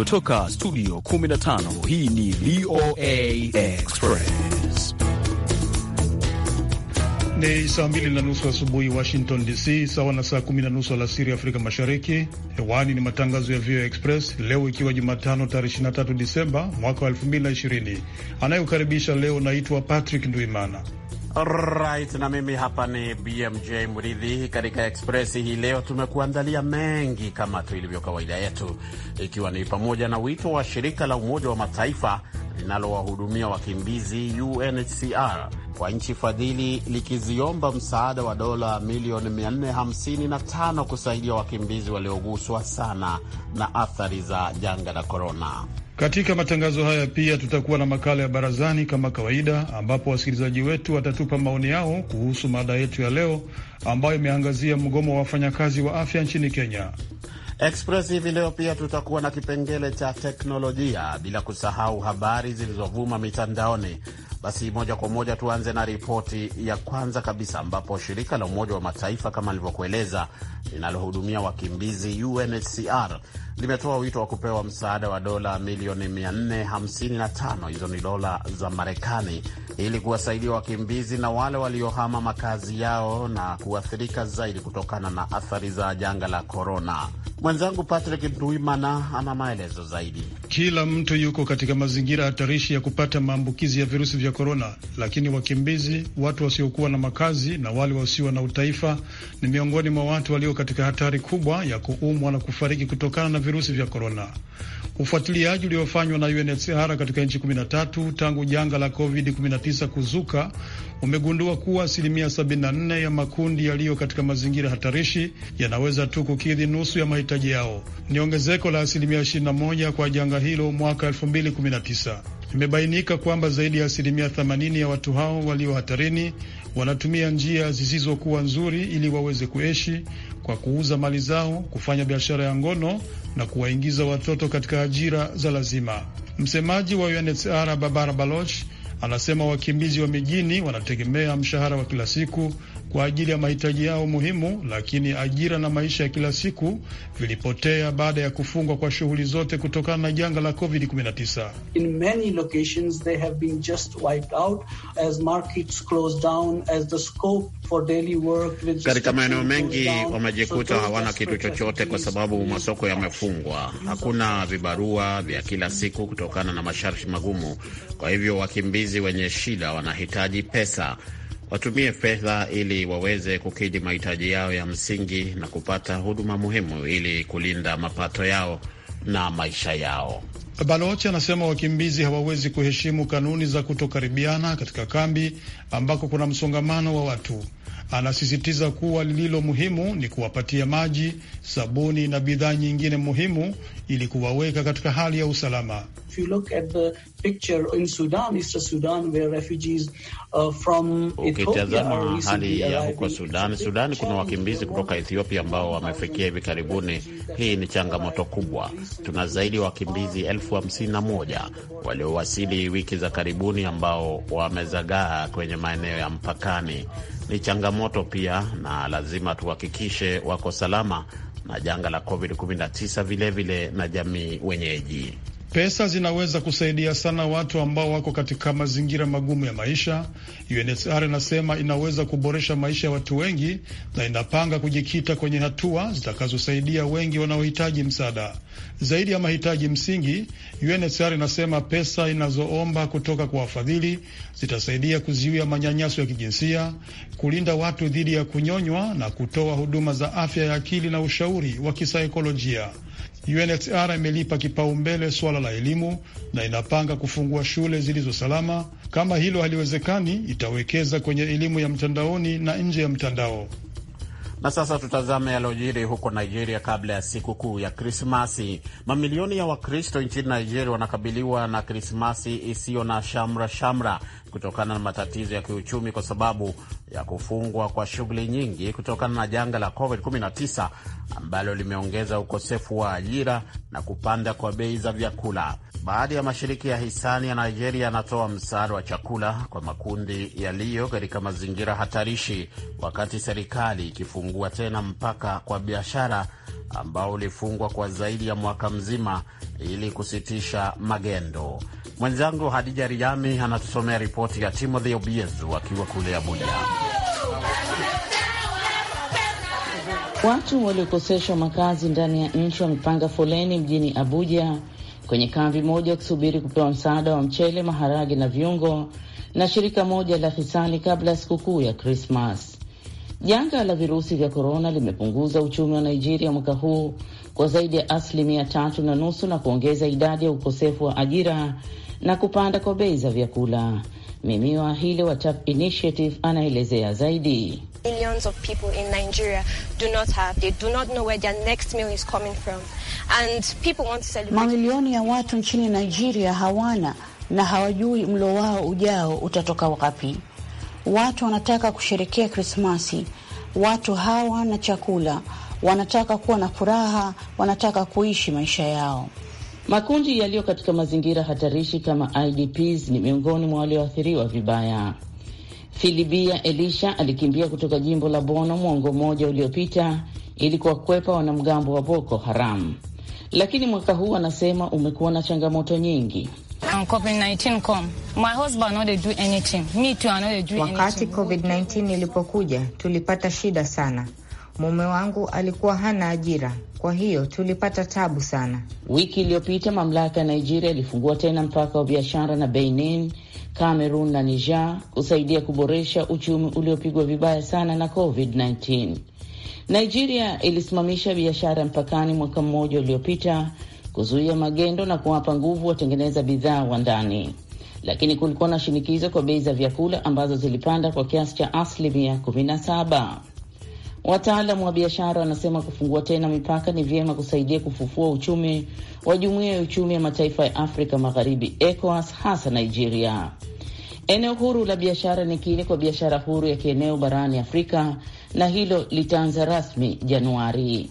Kutoka studio 15 hii ni VOA Express. Ni saa mbili na nusu asubuhi wa Washington DC, sawa na saa kumi na nusu alasiri Afrika Mashariki. Hewani ni matangazo ya VOA Express leo, ikiwa Jumatano tarehe 23 Disemba mwaka wa 2020. Anayokaribisha leo naitwa Patrick Ndwimana. Alright, na mimi hapa ni BMJ Mridhi katika Express hii leo. Tumekuandalia mengi kama tu ilivyo kawaida yetu, ikiwa ni pamoja na wito wa shirika la Umoja wa Mataifa linalowahudumia wakimbizi UNHCR kwa nchi fadhili likiziomba msaada wa dola milioni 455 kusaidia wakimbizi walioguswa sana na athari za janga la korona. Katika matangazo haya pia tutakuwa na makala ya barazani kama kawaida, ambapo wasikilizaji wetu watatupa maoni yao kuhusu mada yetu ya leo ambayo imeangazia mgomo wa wafanyakazi wa afya nchini Kenya. Express hivi leo pia tutakuwa na kipengele cha teknolojia, bila kusahau habari zilizovuma mitandaoni basi moja kwa moja tuanze na ripoti ya kwanza kabisa, ambapo shirika la Umoja wa Mataifa kama nilivyokueleza linalohudumia wakimbizi UNHCR limetoa wito wa kupewa msaada wa dola milioni 455, hizo ni dola za Marekani, ili kuwasaidia wakimbizi na wale waliohama makazi yao na kuathirika zaidi kutokana na athari za janga la korona. Mwenzangu Patrick Duimana ana maelezo zaidi. Kila mtu yuko katika mazingira hatarishi ya kupata maambukizi ya virusi vya vya korona, lakini wakimbizi, watu wasiokuwa na makazi na wale wasio na utaifa ni miongoni mwa watu walio katika hatari kubwa ya kuumwa na kufariki kutokana na virusi vya korona. Ufuatiliaji uliofanywa na UNHCR katika nchi 13 tangu janga la COVID-19 kuzuka umegundua kuwa asilimia 74 ya makundi yaliyo katika mazingira hatarishi yanaweza tu kukidhi nusu ya mahitaji yao. Ni ongezeko la asilimia 21 kwa janga hilo mwaka 2019. Imebainika kwamba zaidi ya asilimia 80 ya watu hao walio hatarini wanatumia njia zisizokuwa nzuri ili waweze kuishi kwa kuuza mali zao, kufanya biashara ya ngono na kuwaingiza watoto katika ajira za lazima. Msemaji wa UNHCR Barbara Baloch anasema wakimbizi wa mijini wanategemea mshahara wa kila siku kwa ajili ya mahitaji yao muhimu, lakini ajira na maisha ya kila siku vilipotea baada ya kufungwa kwa shughuli zote kutokana na janga la COVID-19. In many locations they have been just wiped out as markets down as the scope for daily work. Katika maeneo mengi wamejikuta hawana kitu chochote kwa sababu masoko yamefungwa, hakuna vibarua vya kila siku kutokana na masharti magumu. Kwa hivyo wakimbizi wenye shida wanahitaji pesa watumie fedha ili waweze kukidhi mahitaji yao ya msingi na kupata huduma muhimu ili kulinda mapato yao na maisha yao. baloche anasema wakimbizi hawawezi kuheshimu kanuni za kutokaribiana katika kambi ambako kuna msongamano wa watu. Anasisitiza kuwa lililo muhimu ni kuwapatia maji, sabuni na bidhaa nyingine muhimu ili kuwaweka katika hali ya usalama. If you look at the Uh, Ukitazama hali ya huko Sudan, Sudan kuna wakimbizi kutoka Ethiopia ambao wamefikia hivi karibuni. Hii ni changamoto kubwa. Tuna zaidi ya wakimbizi elfu hamsini na moja waliowasili wiki za karibuni ambao wamezagaa kwenye maeneo ya mpakani. Ni changamoto pia, na lazima tuhakikishe wako salama na janga la COVID-19 vilevile na jamii wenyeji. Pesa zinaweza kusaidia sana watu ambao wako katika mazingira magumu ya maisha. UNHCR inasema inaweza kuboresha maisha ya watu wengi na inapanga kujikita kwenye hatua zitakazosaidia wengi wanaohitaji msaada zaidi ya mahitaji msingi. UNHCR inasema pesa inazoomba kutoka kwa wafadhili zitasaidia kuzuia manyanyaso ya kijinsia, kulinda watu dhidi ya kunyonywa na kutoa huduma za afya ya akili na ushauri wa kisaikolojia. UNHCR imelipa kipaumbele suala la elimu na inapanga kufungua shule zilizo salama. Kama hilo haliwezekani, itawekeza kwenye elimu ya mtandaoni na nje ya mtandao. Na sasa tutazame yaliyojiri huko Nigeria kabla ya siku kuu ya Krismasi. Mamilioni ya Wakristo nchini Nigeria wanakabiliwa na Krismasi isiyo na shamra shamra kutokana na matatizo ya kiuchumi kwa sababu ya kufungwa kwa shughuli nyingi kutokana na janga la COVID-19 ambalo limeongeza ukosefu wa ajira na kupanda kwa bei za vyakula. Baadhi ya mashirika ya hisani ya Nigeria yanatoa msaada wa chakula kwa makundi yaliyo katika mazingira hatarishi, wakati serikali ikifungua tena mpaka kwa biashara ambao ulifungwa kwa zaidi ya mwaka mzima ili kusitisha magendo. Mwenzangu Hadija Riami anatusomea ripoti ya Timothy Obiezu akiwa kule Abuja. Watu waliokoseshwa makazi ndani ya nchi wamepanga foleni mjini Abuja kwenye kambi moja wakisubiri kupewa msaada wa mchele, maharage na viungo na shirika moja la hisani kabla ya sikukuu ya Krismas. Janga la virusi vya korona limepunguza uchumi wa Nigeria mwaka huu kwa zaidi ya asilimia tatu na nusu na kuongeza idadi ya ukosefu wa ajira na kupanda kwa bei za vyakula. Mimiwa Hile wa Tap Initiative anaelezea zaidi. Millions of people in Nigeria do not have, they do not know where their next meal is coming from. And people want to celebrate. Mamilioni ya watu nchini Nigeria hawana na hawajui mlo wao ujao utatoka wapi. Watu wanataka kusherekea Krismasi, watu hawa na chakula, wanataka kuwa na furaha, wanataka kuishi maisha yao. Makundi yaliyo katika mazingira hatarishi kama IDPs ni miongoni mwa walioathiriwa vibaya. Filibia Elisha alikimbia kutoka jimbo la Bono mwongo mmoja uliopita ili kuwakwepa wanamgambo wa Boko Haram, lakini mwaka huu anasema umekuwa na changamoto nyingi. Wakati COVID-19 ilipokuja tulipata shida sana, Mume wangu alikuwa hana ajira, kwa hiyo tulipata tabu sana. Wiki iliyopita mamlaka ya Nigeria ilifungua tena mpaka wa biashara na Benin, Cameroon na Niger kusaidia kuboresha uchumi uliopigwa vibaya sana na COVID-19. Nigeria ilisimamisha biashara mpakani mwaka mmoja uliopita kuzuia magendo na kuwapa nguvu watengeneza bidhaa wa ndani, lakini kulikuwa na shinikizo kwa bei za vyakula ambazo zilipanda kwa kiasi cha asilimia 17. Wataalamu wa biashara wanasema kufungua tena mipaka ni vyema kusaidia kufufua uchumi wa jumuiya ya uchumi ya mataifa ya Afrika Magharibi, ECOWAS, hasa Nigeria. Eneo huru la biashara ni kile kwa biashara huru ya kieneo barani Afrika, na hilo litaanza rasmi Januari.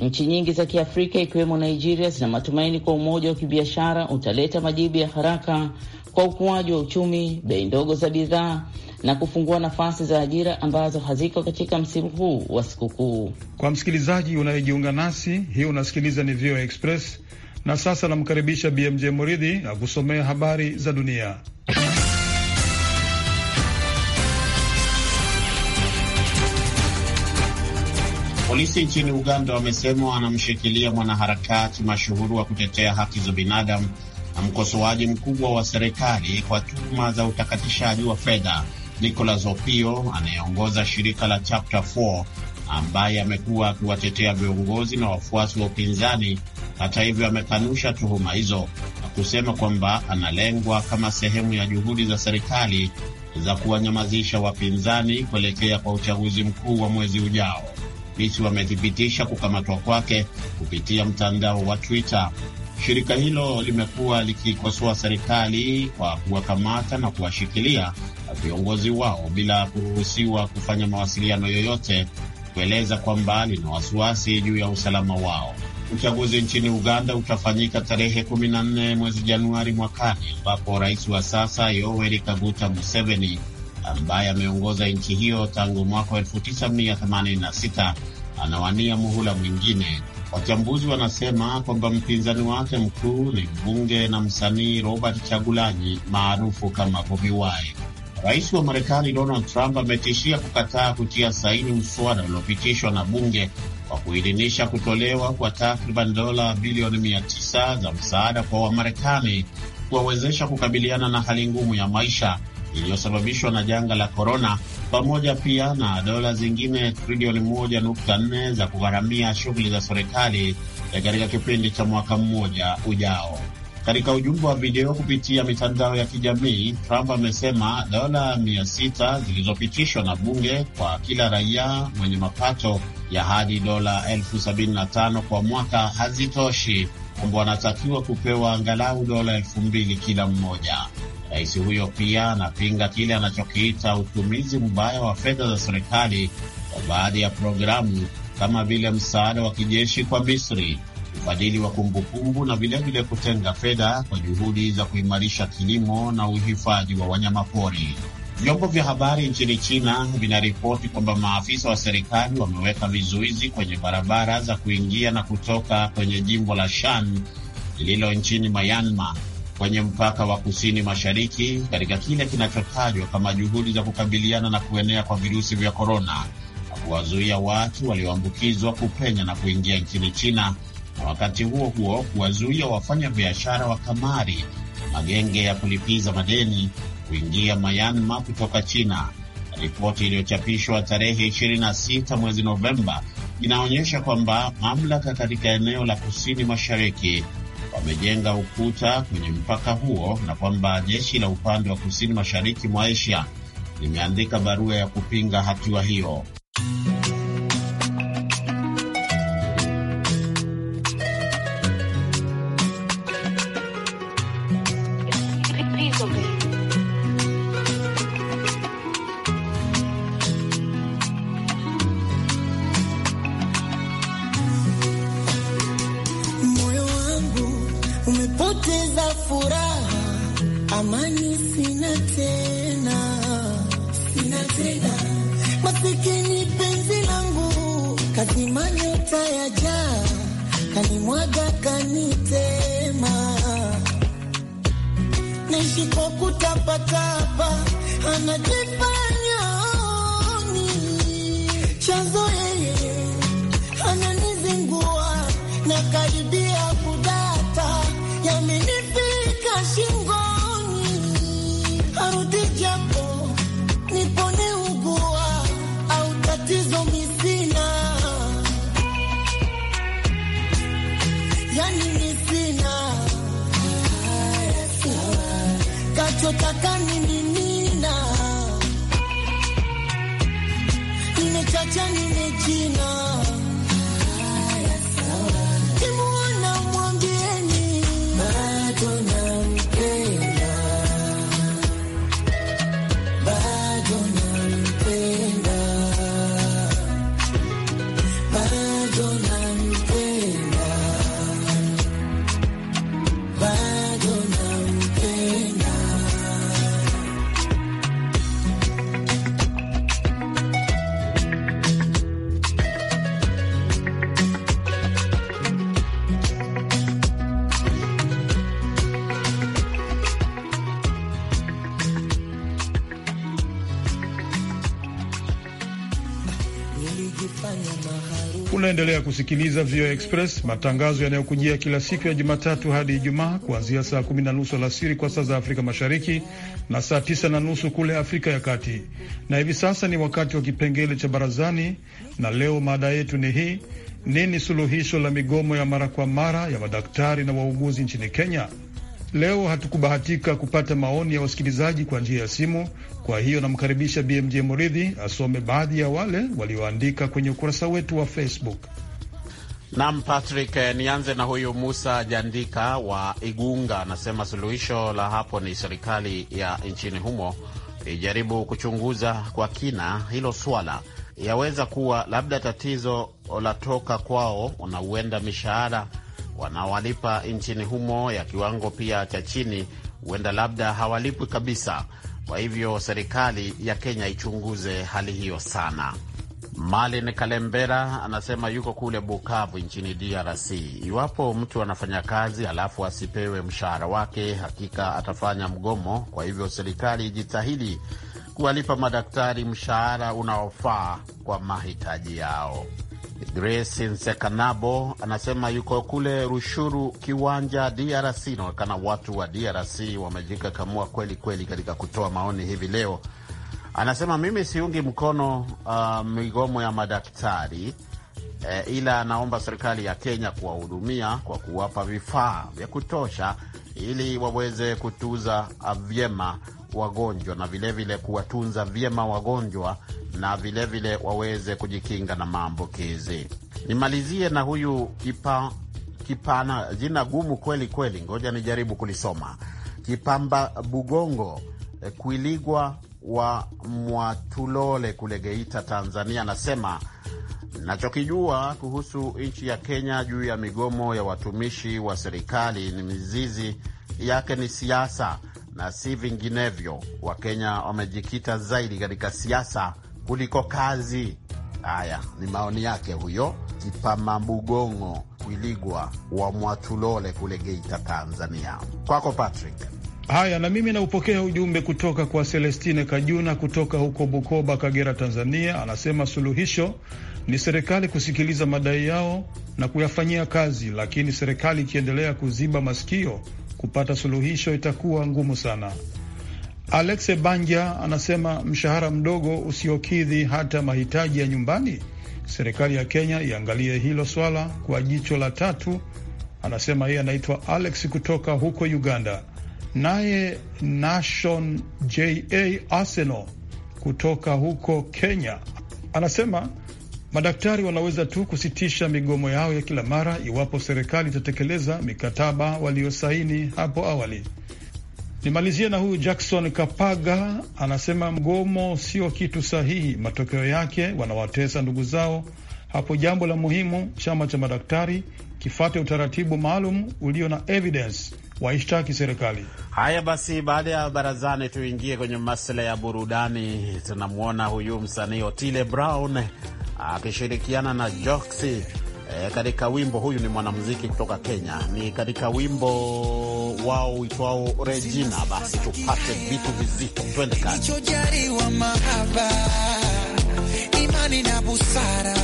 Nchi nyingi za Kiafrika ikiwemo Nigeria zina matumaini kwa umoja wa kibiashara utaleta majibu ya haraka kwa ukuaji wa uchumi, bei ndogo za bidhaa na kufungua nafasi za ajira ambazo haziko katika msimu huu wa sikukuu. Kwa msikilizaji unayejiunga nasi, hii unasikiliza ni VOA Express, na sasa namkaribisha BMJ Muridhi akusomea habari za dunia. Polisi nchini Uganda wamesema wanamshikilia mwanaharakati mashuhuru wa kutetea haki za binadamu na mkosoaji mkubwa wa serikali kwa tuhuma za utakatishaji wa fedha. Nicolas Opio anayeongoza shirika la Chapter 4 ambaye amekuwa akiwatetea viongozi na wafuasi wa upinzani. Hata hivyo, amekanusha tuhuma hizo na kusema kwamba analengwa kama sehemu ya juhudi za serikali za kuwanyamazisha wapinzani kuelekea kwa uchaguzi mkuu wa mwezi ujao. Polisi wamethibitisha kukamatwa kwake kupitia mtandao wa Twitter. Shirika hilo limekuwa likikosoa serikali kwa kuwakamata na kuwashikilia viongozi wao bila kuruhusiwa kufanya mawasiliano yoyote, kueleza kwamba lina wasiwasi juu ya usalama wao. Uchaguzi nchini Uganda utafanyika tarehe 14 mwezi Januari mwakani, ambapo rais wa sasa Yoweri Kaguta Museveni ambaye ameongoza nchi hiyo tangu mwaka 1986 anawania muhula mwingine Wachambuzi wanasema kwamba mpinzani wake mkuu ni mbunge na msanii Robert Chagulanyi maarufu kama Bobi Wine. Rais wa Marekani Donald Trump ametishia kukataa kutia saini mswada uliopitishwa na bunge kwa kuidhinisha kutolewa kwa takriban dola bilioni mia za msaada kwa Wamarekani kuwawezesha kukabiliana na hali ngumu ya maisha iliyosababishwa na janga la korona, pamoja pia na dola zingine trilioni 1.4 za kugharamia shughuli za serikali eh, katika kipindi cha mwaka mmoja ujao. Katika ujumbe wa video kupitia mitandao ya kijamii, Trump amesema dola 600 zilizopitishwa na bunge kwa kila raia mwenye mapato ya hadi dola elfu sabini na tano kwa mwaka hazitoshi, kwamba wanatakiwa kupewa angalau dola elfu mbili kila mmoja. Rais huyo pia anapinga kile anachokiita utumizi mbaya wa fedha za serikali kwa baadhi ya programu kama vile msaada wa kijeshi kwa Misri, ufadhili wa kumbukumbu na vilevile kutenga fedha kwa juhudi za kuimarisha kilimo na uhifadhi wa wanyamapori. Vyombo vya habari nchini China vinaripoti kwamba maafisa wa serikali wameweka vizuizi kwenye barabara za kuingia na kutoka kwenye jimbo la Shan lililo nchini Myanmar kwenye mpaka wa kusini mashariki katika kile kinachotajwa kama juhudi za kukabiliana na kuenea kwa virusi vya korona na kuwazuia watu walioambukizwa kupenya na kuingia nchini China, na wakati huo huo kuwazuia wafanya biashara wa kamari magenge ya kulipiza madeni kuingia Myanmar kutoka China. Ripoti iliyochapishwa tarehe 26 mwezi Novemba inaonyesha kwamba mamlaka katika eneo la kusini mashariki wamejenga ukuta kwenye mpaka huo na kwamba jeshi la upande wa kusini mashariki mwa Asia limeandika barua ya kupinga hatua hiyo. kadima nyota ya jaa kanimwaga kanitema naishi kwa kutapatapa anajifanya ni chanzo yeye ananizingua na karibia unachotaka nini? Nina nimechacha nimechina Unaendelea kusikiliza VOA Express, matangazo yanayokujia kila siku ya Jumatatu hadi Ijumaa kuanzia saa kumi na nusu alasiri kwa saa za Afrika Mashariki na saa tisa na nusu kule Afrika ya Kati. Na hivi sasa ni wakati wa kipengele cha Barazani, na leo mada yetu ni hii: nini suluhisho la migomo ya mara kwa mara ya madaktari na wauguzi nchini Kenya? Leo hatukubahatika kupata maoni ya wasikilizaji kwa njia ya simu, kwa hiyo namkaribisha BMJ Muridhi asome baadhi ya wale walioandika kwenye ukurasa wetu wa Facebook. Nam Patrick, eh, nianze na huyu Musa Jandika wa Igunga, anasema suluhisho la hapo ni serikali ya nchini humo ijaribu kuchunguza kwa kina hilo swala. Yaweza kuwa labda tatizo latoka kwao na huenda mishahara wanaowalipa nchini humo ya kiwango pia cha chini, huenda labda hawalipwi kabisa. Kwa hivyo serikali ya Kenya ichunguze hali hiyo sana. Malin Kalembera anasema yuko kule Bukavu nchini DRC. Iwapo mtu anafanya kazi alafu asipewe mshahara wake, hakika atafanya mgomo. Kwa hivyo serikali ijitahidi kuwalipa madaktari mshahara unaofaa kwa mahitaji yao. Grace Nsekanabo anasema yuko kule Rushuru Kiwanja, DRC. Inaonekana watu wa DRC wamejikakamua kweli kweli katika kutoa maoni hivi leo. Anasema mimi siungi mkono uh, migomo ya madaktari e, ila anaomba serikali ya Kenya kuwahudumia kwa kuwapa vifaa vya kutosha ili waweze kutuza uh, vyema wagonjwa na vilevile kuwatunza vyema wagonjwa na vilevile vile waweze kujikinga na maambukizi. Nimalizie na huyu kipa, kipana jina gumu kweli kweli, ngoja nijaribu kulisoma. Kipamba Bugongo eh, Kuiligwa wa Mwatulole kule Geita, Tanzania, anasema nachokijua kuhusu nchi ya Kenya juu ya migomo ya watumishi wa serikali ni mizizi yake ni siasa na si vinginevyo. Wakenya wamejikita zaidi katika siasa kuliko kazi. Haya ni maoni yake huyo Kipama Bugongo Kwiligwa wa Mwatulole kule Geita, Tanzania. Kwako Patrick. Haya, na mimi naupokea ujumbe kutoka kwa Celestine Kajuna kutoka huko Bukoba, Kagera, Tanzania. Anasema suluhisho ni serikali kusikiliza madai yao na kuyafanyia kazi, lakini serikali ikiendelea kuziba masikio kupata suluhisho itakuwa ngumu sana. Alexe Banja anasema mshahara mdogo usiokidhi hata mahitaji ya nyumbani, serikali ya Kenya iangalie hilo swala kwa jicho la tatu. Anasema yeye anaitwa Alex kutoka huko Uganda. Naye nation Ja Arsenal kutoka huko Kenya anasema Madaktari wanaweza tu kusitisha migomo yao ya kila mara iwapo serikali itatekeleza mikataba waliosaini hapo awali. Nimalizie na huyu Jackson Kapaga anasema mgomo sio kitu sahihi, matokeo yake wanawatesa ndugu zao. Hapo jambo la muhimu, chama cha madaktari kifate utaratibu maalum ulio na evidence waishtaki serikali. Haya basi, baada ya barazani, tuingie kwenye masuala ya burudani. Tunamwona huyu msanii Otile Brown akishirikiana na Joksi eh, katika wimbo huyu, ni mwanamuziki kutoka Kenya, ni katika wimbo wao uitwao Regina. Basi tupate vitu vizito, twende kazi. Imani na busara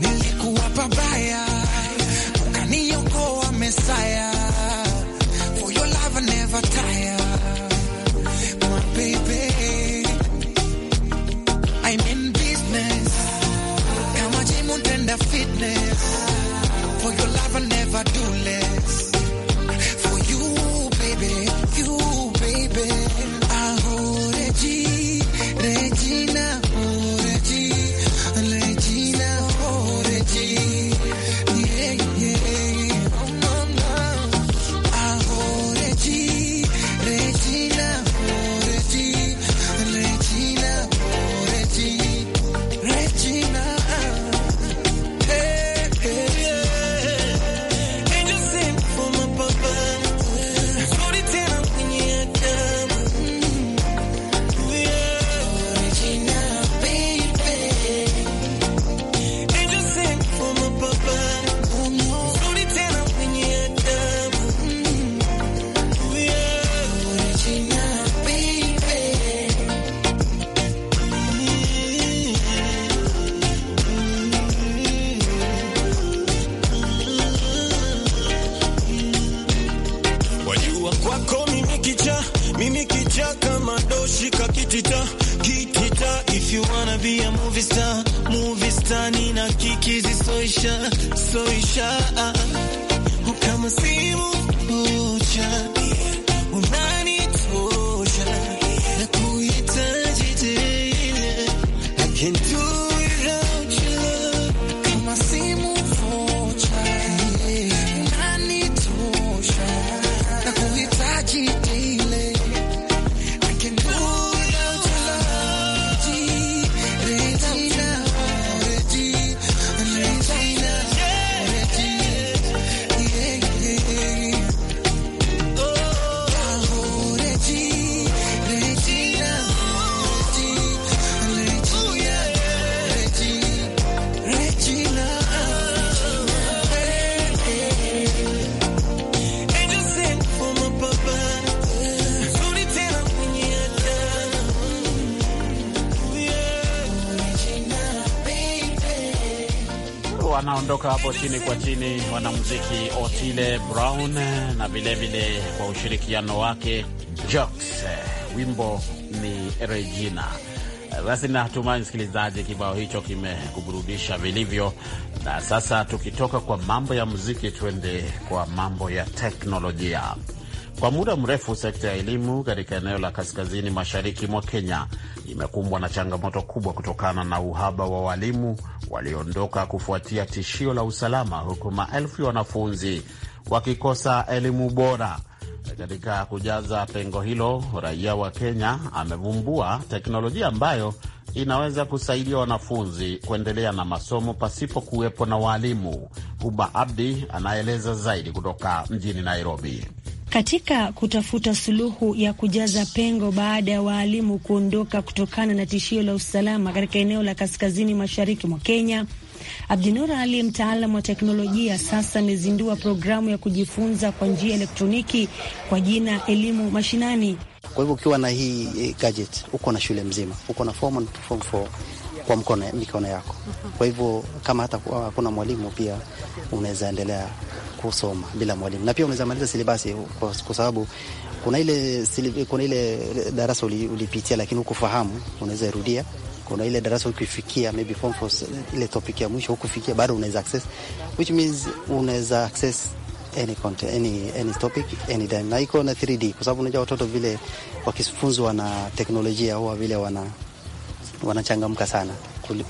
nilikuwa pabaya, ukaniokoa Mesaya I do let be a movie star, movie star, nina kiki zisoisha, soisha, ah, ah. kama simu moja wanaondoka hapo chini kwa chini, wanamuziki Otile Brown na vilevile kwa ushirikiano wake Jocks, wimbo ni Regina. Basi natumai msikilizaji, kibao hicho kimekuburudisha vilivyo. Na sasa tukitoka kwa mambo ya muziki, tuende kwa mambo ya teknolojia. Kwa muda mrefu sekta ya elimu katika eneo la kaskazini mashariki mwa Kenya imekumbwa na changamoto kubwa kutokana na uhaba wa walimu waliondoka kufuatia tishio la usalama, huku maelfu ya wanafunzi wakikosa elimu bora. Katika kujaza pengo hilo, raia wa Kenya amevumbua teknolojia ambayo inaweza kusaidia wanafunzi kuendelea na masomo pasipo kuwepo na waalimu. Huba Abdi anaeleza zaidi kutoka mjini Nairobi. Katika kutafuta suluhu ya kujaza pengo baada ya waalimu kuondoka kutokana na tishio la usalama katika eneo la kaskazini mashariki mwa Kenya, Abdinur Ali, mtaalamu wa teknolojia, sasa amezindua programu ya kujifunza kwa njia elektroniki kwa jina Elimu Mashinani. Kwa hivyo ukiwa na hii eh, gadget uko na shule mzima, uko na form and form four kwa mkono, mikono yako. Kwa hivyo kama hata hakuna mwalimu pia unaweza endelea kusoma bila mwalimu, na pia unaweza maliza silibasi kwa sababu kuna ile, kuna ile darasa ulipitia lakini hukufahamu, unaweza rudia. Kuna ile darasa ukifikia maybe form four, ile topic ya mwisho hukufikia bado unaweza access, which means unaweza access any content, any, any topic any time, na iko na 3D kwa sababu unajua watoto vile wakifunzwa na teknolojia huwa vile wana wanachangamka sana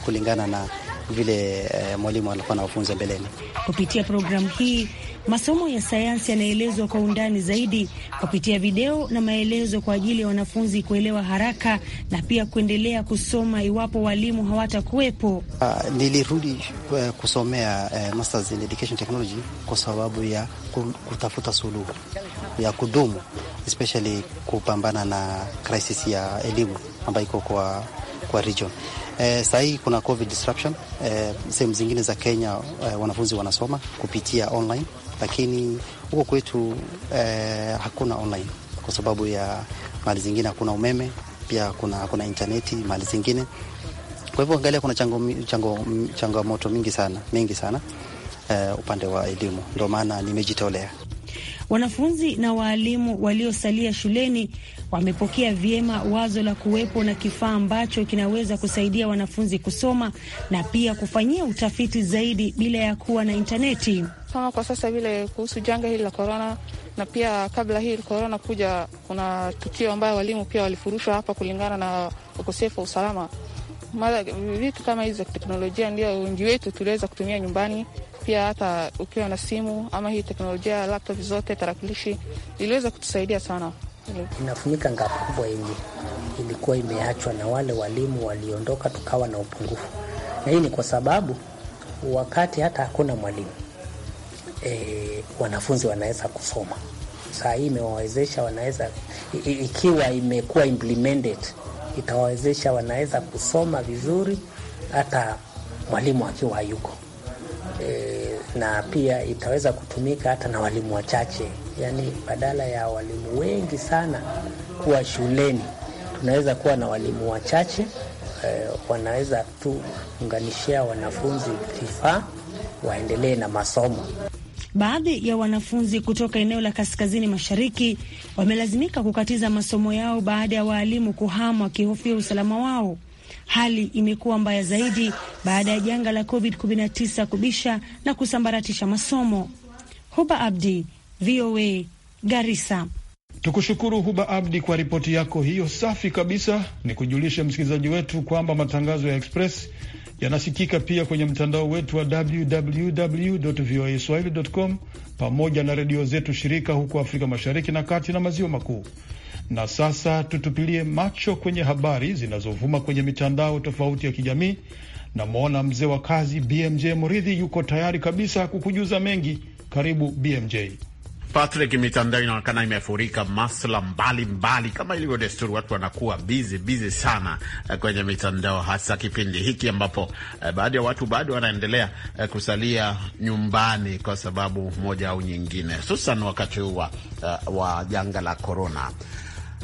kulingana na vile eh, mwalimu alikuwa anawafunza mbeleni. Kupitia programu hii, masomo ya sayansi yanaelezwa kwa undani zaidi kupitia video na maelezo kwa ajili ya wanafunzi kuelewa haraka na pia kuendelea kusoma iwapo walimu hawatakuwepo. Uh, nilirudi uh, kusomea uh, masters in education technology kwa sababu ya kutafuta suluhu ya kudumu especially kupambana na crisis ya elimu ambayo iko kwa, kwa region Eh, sahii kuna covid disruption eh, sehemu zingine za Kenya eh, wanafunzi wanasoma kupitia online, lakini huko kwetu eh, hakuna online kwa sababu ya mali zingine hakuna umeme, pia kuna hakuna intaneti mali zingine. Kwa hivyo angalia, kuna changamoto mingi sana, mingi sana eh, upande wa elimu, ndio maana nimejitolea Wanafunzi na waalimu waliosalia shuleni wamepokea vyema wazo la kuwepo na kifaa ambacho kinaweza kusaidia wanafunzi kusoma na pia kufanyia utafiti zaidi bila ya kuwa na intaneti kama kwa sasa vile kuhusu janga hili la korona na pia kabla hii korona kuja, kuna tukio ambayo walimu pia walifurushwa hapa kulingana na ukosefu wa usalama. Vitu kama hizi za teknolojia ndio wengi wetu tuliweza kutumia nyumbani pia hata ukiwa na simu ama hii teknolojia ya laptop zote tarakilishi iliweza kutusaidia sana. Inafunika ngapi kubwa yenye ilikuwa imeachwa na wale walimu waliondoka, tukawa na upungufu, na hii ni kwa sababu wakati hata hakuna mwalimu e, wanafunzi wanaweza kusoma saa hii imewawezesha wanaweza, ikiwa imekuwa implemented itawawezesha wanaweza kusoma vizuri hata mwalimu akiwa hayuko. E, na pia itaweza kutumika hata na walimu wachache, yaani badala ya walimu wengi sana kuwa shuleni, tunaweza kuwa na walimu wachache eh, wanaweza tu unganishia wanafunzi vifaa waendelee na masomo. Baadhi ya wanafunzi kutoka eneo la kaskazini mashariki wamelazimika kukatiza masomo yao baada ya waalimu kuhama wakihofia usalama wao hali imekuwa mbaya zaidi baada ya janga la COVID-19 kubisha na kusambaratisha masomo. Huba Abdi, VOA, Garissa. Tukushukuru Huba Abdi kwa ripoti yako hiyo safi kabisa. Ni kujulishe msikilizaji wetu kwamba matangazo ya Express yanasikika pia kwenye mtandao wetu wa www voa www.voaswahili.com pamoja na redio zetu shirika huko Afrika Mashariki na Kati na Maziwa Makuu. Na sasa tutupilie macho kwenye habari zinazovuma kwenye mitandao tofauti ya kijamii. Namwona mzee wa kazi BMJ Mridhi yuko tayari kabisa kukujuza mengi. Karibu BMJ. Patrick, mitandao inaonekana imefurika masuala mbalimbali. Kama ilivyo desturi, watu wanakuwa bizi bizi sana eh, kwenye mitandao, hasa kipindi hiki ambapo eh, baadhi ya watu bado wanaendelea eh, kusalia nyumbani kwa sababu moja au nyingine, hususan wakati huu wa janga la korona.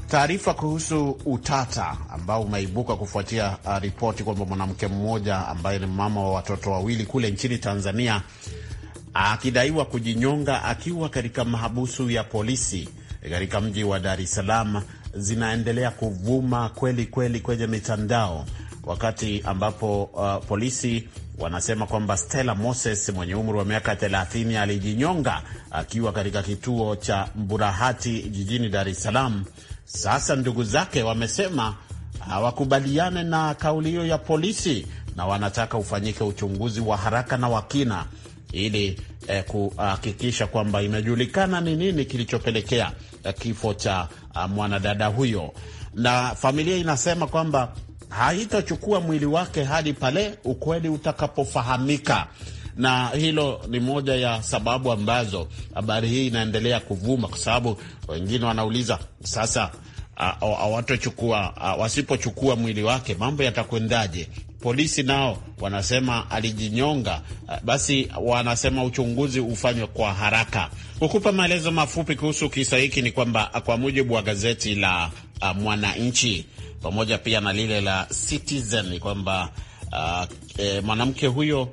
Taarifa kuhusu utata ambao umeibuka kufuatia uh, ripoti kwamba mwanamke mmoja ambaye ni mama wa watoto wawili kule nchini Tanzania akidaiwa kujinyonga akiwa katika mahabusu ya polisi katika mji wa Dar es Salaam zinaendelea kuvuma kweli kweli kwenye mitandao, wakati ambapo uh, polisi wanasema kwamba Stella Moses mwenye umri wa miaka 30 alijinyonga akiwa katika kituo cha Mburahati jijini Dar es Salaam sasa ndugu zake wamesema hawakubaliane na kauli hiyo ya polisi na wanataka ufanyike uchunguzi wa haraka na wa kina ili eh, kuhakikisha kwamba imejulikana ni nini kilichopelekea eh, kifo cha ah, mwanadada huyo. Na familia inasema kwamba haitachukua mwili wake hadi pale ukweli utakapofahamika na hilo ni moja ya sababu ambazo habari hii inaendelea kuvuma, kwa sababu wengine wanauliza sasa, hawatochukua wasipochukua mwili wake mambo yatakwendaje? Polisi nao wanasema alijinyonga. Basi wanasema uchunguzi ufanywe kwa haraka. Kukupa maelezo mafupi kuhusu kisa hiki ni kwamba kwa mujibu wa gazeti la Mwananchi pamoja pia na lile la Citizen ni kwamba uh, e, mwanamke huyo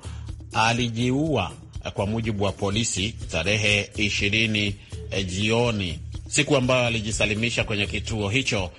alijiua kwa mujibu wa polisi tarehe 20 e, jioni, siku ambayo alijisalimisha kwenye kituo hicho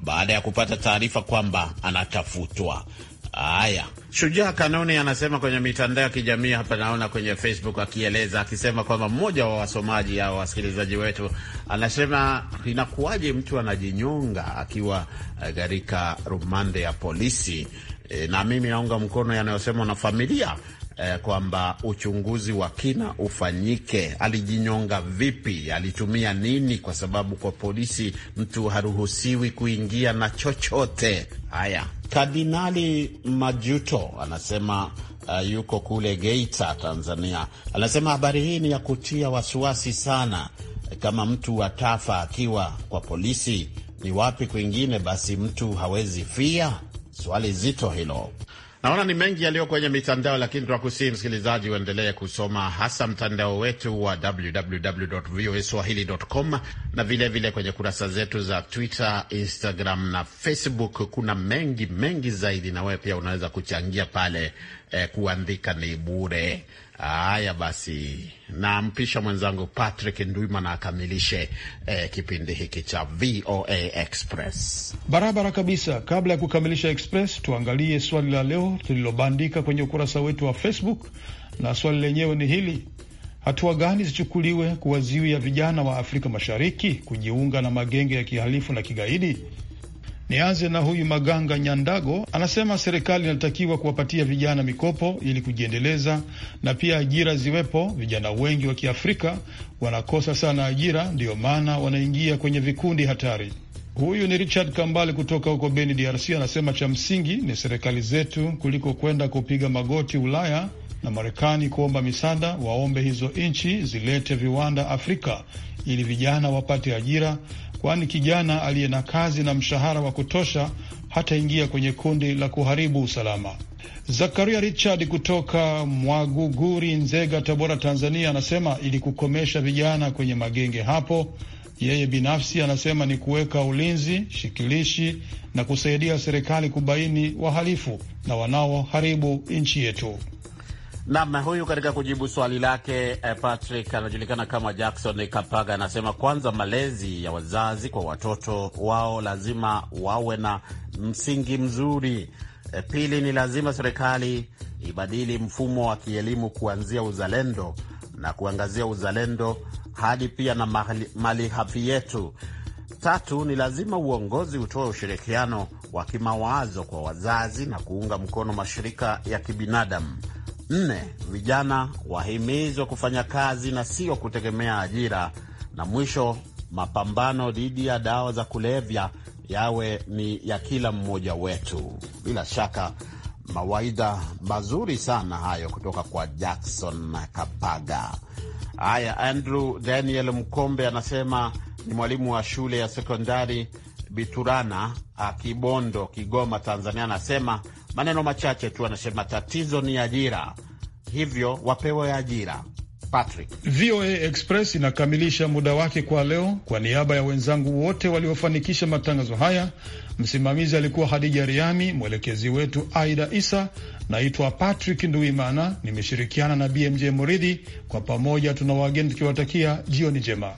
baada ya kupata taarifa kwamba anatafutwa. Haya, Shujaa Kanuni anasema kwenye mitandao ya kijamii hapa, naona kwenye Facebook akieleza akisema kwamba mmoja wa wasomaji au wasikilizaji wetu anasema, inakuwaje mtu anajinyonga akiwa eh, katika rumande ya polisi? E, na mimi naunga mkono yanayosema na familia eh, kwamba uchunguzi wa kina ufanyike. Alijinyonga vipi? Alitumia nini? Kwa sababu kwa polisi mtu haruhusiwi kuingia na chochote. Haya, Kardinali Majuto anasema uh, yuko kule Geita, Tanzania. Anasema habari hii ni ya kutia wasiwasi sana. Kama mtu watafa akiwa kwa polisi, ni wapi kwingine basi mtu hawezi fia? Swali zito hilo. Naona ni mengi yaliyo kwenye mitandao, lakini tunakusihi msikilizaji uendelee kusoma hasa mtandao wetu wa www swahilicom na vilevile vile kwenye kurasa zetu za Twitter, Instagram na Facebook. Kuna mengi mengi zaidi, na wewe pia unaweza kuchangia pale eh, kuandika ni bure. Haya basi, nampisha mwenzangu Patrick Ndwimana akamilishe eh, kipindi hiki cha VOA Express barabara kabisa. Kabla ya kukamilisha Express, tuangalie swali la leo tulilobandika kwenye ukurasa wetu wa Facebook, na swali lenyewe ni hili: hatua gani zichukuliwe kuwaziwia vijana wa Afrika Mashariki kujiunga na magenge ya kihalifu na kigaidi? Nianze na huyu Maganga Nyandago, anasema serikali inatakiwa kuwapatia vijana mikopo ili kujiendeleza na pia ajira ziwepo. Vijana wengi wa Kiafrika wanakosa sana ajira, ndiyo maana wanaingia kwenye vikundi hatari. Huyu ni Richard Kambale kutoka huko Beni, DRC, anasema cha msingi ni serikali zetu kuliko kwenda kupiga magoti Ulaya na Marekani kuomba misaada, waombe hizo nchi zilete viwanda Afrika ili vijana wapate ajira kwani kijana aliye na kazi na mshahara wa kutosha hataingia kwenye kundi la kuharibu usalama. Zakaria Richard kutoka Mwaguguri, Nzega, Tabora, Tanzania, anasema ili kukomesha vijana kwenye magenge hapo, yeye binafsi anasema ni kuweka ulinzi shikilishi na kusaidia serikali kubaini wahalifu na wanaoharibu nchi yetu. Nam huyu katika kujibu swali lake eh, Patrick anajulikana kama Jackson Kapaga, anasema kwanza, malezi ya wazazi kwa watoto wao lazima wawe na msingi mzuri. Eh, pili, ni lazima serikali ibadili mfumo wa kielimu kuanzia uzalendo na kuangazia uzalendo hadi pia na mali, mali hafi yetu. Tatu, ni lazima uongozi utoe ushirikiano wa kimawazo kwa wazazi na kuunga mkono mashirika ya kibinadamu. Nne, vijana wahimizwe kufanya kazi na sio kutegemea ajira. Na mwisho, mapambano dhidi ya dawa za kulevya yawe ni ya kila mmoja wetu. Bila shaka mawaidha mazuri sana hayo kutoka kwa Jackson Kapaga. Haya, Andrew Daniel Mkombe anasema ni mwalimu wa shule ya sekondari Biturana Kibondo, Kigoma, Tanzania. Anasema Maneno machache tu, anasema tatizo ni ajira, hivyo wapewe ajira. Patrick. VOA Express inakamilisha muda wake kwa leo. Kwa niaba ya wenzangu wote waliofanikisha matangazo haya, msimamizi alikuwa Hadija Riami, mwelekezi wetu Aida Isa. Naitwa Patrick Nduimana, nimeshirikiana na BMJ Muridhi. Kwa pamoja tuna wageni tukiwatakia jioni njema.